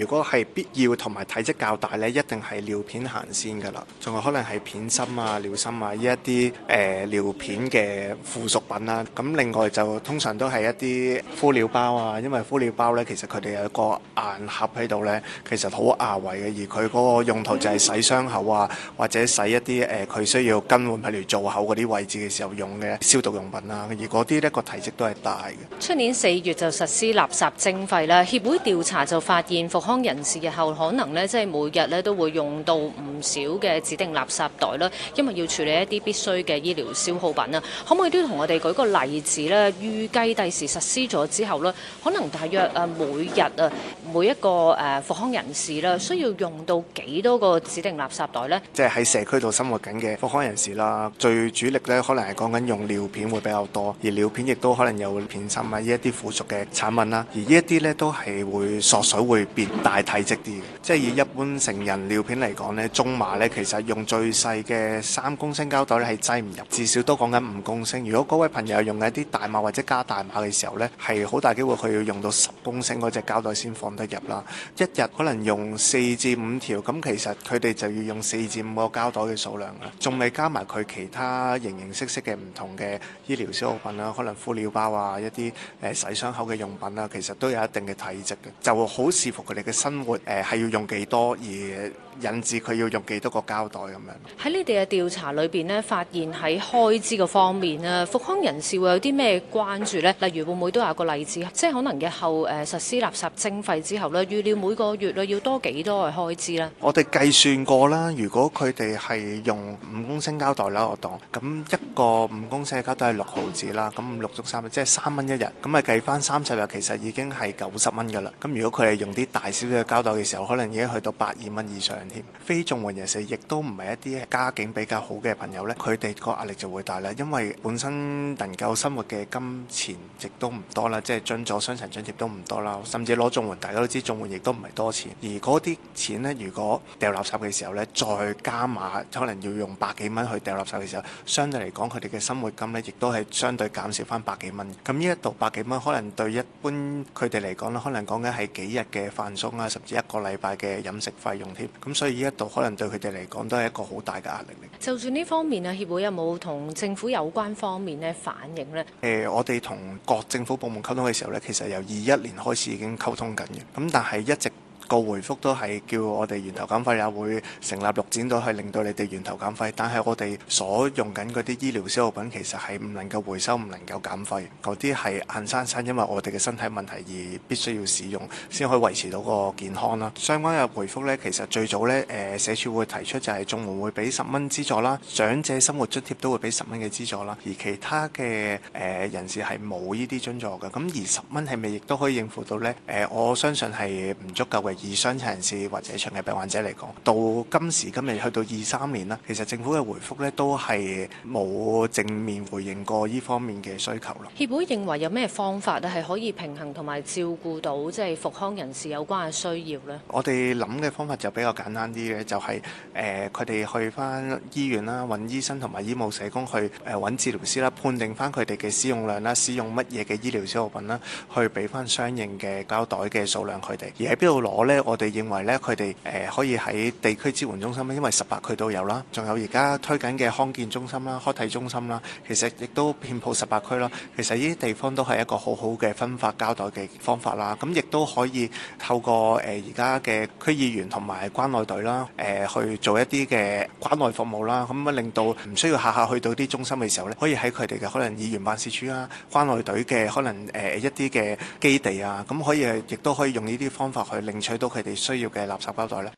如果係必要同埋體積較大呢，一定係尿片行先噶啦。仲有可能係片芯啊、尿芯啊呢一啲誒、呃、尿片嘅附屬品啦、啊。咁另外就通常都係一啲敷料包啊，因為敷料包呢，其實佢哋有一個硬盒喺度呢，其實好牙煙嘅。而佢嗰個用途就係洗傷口啊，或者洗一啲誒佢需要更換譬如造口嗰啲位置嘅時候用嘅消毒用品啊。而嗰啲呢個體積都係大嘅。出年四月就實施垃圾徵費啦，協會調查就發現復火康人士的時候，可能每日都會用到不少的指定立撒袋，因為要處理一些必需的醫療消耗品。大體積啲嘅，即係以一般成人尿片嚟講，呢中碼呢其實用最細嘅三公升膠袋咧係擠唔入，至少都講緊五公升。如果嗰位朋友用緊一啲大碼或者加大碼嘅時候呢，係好大機會佢要用到十公升嗰隻膠袋先放得入啦。一日可能用四至五條，咁其實佢哋就要用四至五個膠袋嘅數量啦。仲未加埋佢其他形形色色嘅唔同嘅醫療消耗品啦，可能敷尿包啊、一啲洗傷口嘅用品啦，其實都有一定嘅體積嘅，就會好視乎佢哋。嘅生活誒係要用幾多而引致佢要用幾多個膠袋咁樣？喺你哋嘅調查裏邊呢，發現喺開支嘅方面啊，復康人士會有啲咩關注呢？例如會唔會都有個例子，即係可能日後誒實施垃圾徵費之後呢，預料每個月啊要多幾多嘅開支呢？我哋計算過啦，如果佢哋係用五公升膠袋啦，我當咁一個五公升嘅膠袋係六毫紙啦，咁六足三即係三蚊一日，咁啊計翻三十日，其實已經係九十蚊㗎啦。咁如果佢哋係用啲大少少嘅交代嘅時候，可能已經去到百二蚊以上添。非綜援人士亦都唔係一啲家境比較好嘅朋友呢，佢哋個壓力就會大啦，因為本身能夠生活嘅金錢亦都唔多啦，即係進咗雙層津貼都唔多啦，甚至攞綜援，大家都知綜援亦都唔係多錢。而嗰啲錢呢，如果掉垃圾嘅時候呢，再加碼，可能要用百幾蚊去掉垃圾嘅時候，相對嚟講，佢哋嘅生活金呢亦都係相對減少翻百幾蚊。咁呢一度百幾蚊，可能對一般佢哋嚟講咧，可能講緊係幾日嘅飯。啊，甚至一個禮拜嘅飲食費用，添。咁，所以呢度可能對佢哋嚟講都係一個好大嘅壓力嚟。就算呢方面啊，協會有冇同政府有關方面咧反應呢？誒，我哋同各政府部門溝通嘅時候呢，其實由二一年開始已經溝通緊嘅，咁但係一直，個回覆都係叫我哋源頭減廢，也會成立綠展隊去令到你哋源頭減廢。但係我哋所用緊嗰啲醫療消耗品，其實係唔能夠回收、唔能夠減廢。嗰啲係硬生生因為我哋嘅身體問題而必須要使用，先可以維持到個健康啦。相關嘅回覆呢，其實最早呢，誒社署會提出就係綜援會俾十蚊資助啦，長者生活津貼都會俾十蚊嘅資助啦。而其他嘅誒人士係冇呢啲津助嘅。咁而十蚊係咪亦都可以應付到呢？誒，我相信係唔足夠嘅。以傷殘人士或者長期病患者嚟講，到今時今日去到二三年啦，其實政府嘅回覆咧都係冇正面回應過呢方面嘅需求咯。協會認為有咩方法咧係可以平衡同埋照顧到即係復康人士有關嘅需要呢？我哋諗嘅方法就比較簡單啲嘅，就係誒佢哋去翻醫院啦，揾醫生同埋醫務社工去誒揾、呃、治療師啦，判定翻佢哋嘅使用量啦，使用乜嘢嘅醫療消耗品啦，去俾翻相應嘅膠袋嘅數量佢哋，而喺邊度攞？咧，我哋認為咧，佢哋誒可以喺地區支援中心，因為十八區都有啦。仲有而家推緊嘅康健中心啦、康體中心啦，其實亦都遍布十八區啦。其實呢啲地方都係一個好好嘅分發交代嘅方法啦。咁亦都可以透過誒而家嘅區議員同埋關愛隊啦，誒去做一啲嘅關愛服務啦。咁令到唔需要下下去到啲中心嘅時候咧，可以喺佢哋嘅可能議員辦事處啊、關愛隊嘅可能誒一啲嘅基地啊，咁可以亦都可以用呢啲方法去領取。攞到佢哋需要嘅垃圾包袋。